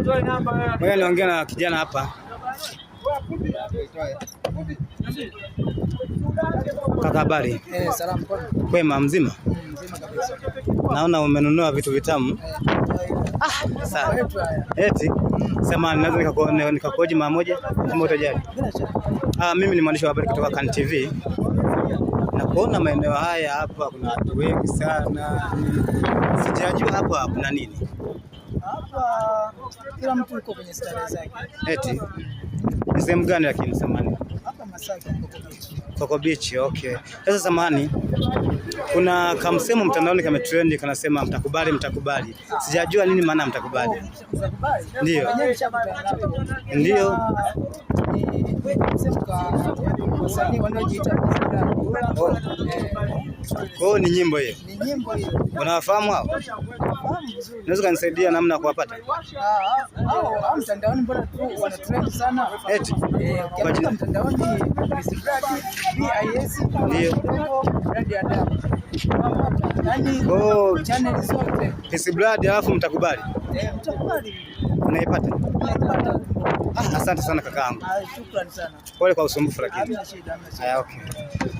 Ngoja niongea na kijana hapa. Kaka, habari? Eh, salamu. Kwema, mzima? Mzima kabisa. Naona umenunua vitu vitamu. Ah, sawa. Eti sema naweza nikakuoji mara moja kama utajali. Ah, mimi ni mwandishi wa habari kutoka Kan TV. Kuona maeneo haya hapa kuna watu wengi sana, sijajua hapa kuna nini hapa. Kila mtu yuko kwenye starehe zake. Eti ni sehemu gani lakini samani Coco Beach, okay. Sasa zamani kuna kamsemo mtandaoni kametrendi kanasema mtakubali mtakubali. Sijajua nini maana mtakubali. Ndio. Ndio. Oh. Kwa hiyo ni nyimbo hiyo. Ni nyimbo hiyo. Unawafahamu hao? Unaweza kunisaidia namna ya kuwapata? Ah, hao mtandaoni mbona tu wana trend sana. Eti eh, kwa jina mtandaoni BIS ndio Radio Adabu. Yaani, oh, channel zote. Pisi Blood alafu mtakubali. Eh, mtakubali. Unaipata? Unaipata. Ah, asante sana kakaangu. Ah, Shukrani sana. Pole kwa usumbufu lakini. Ah, okay.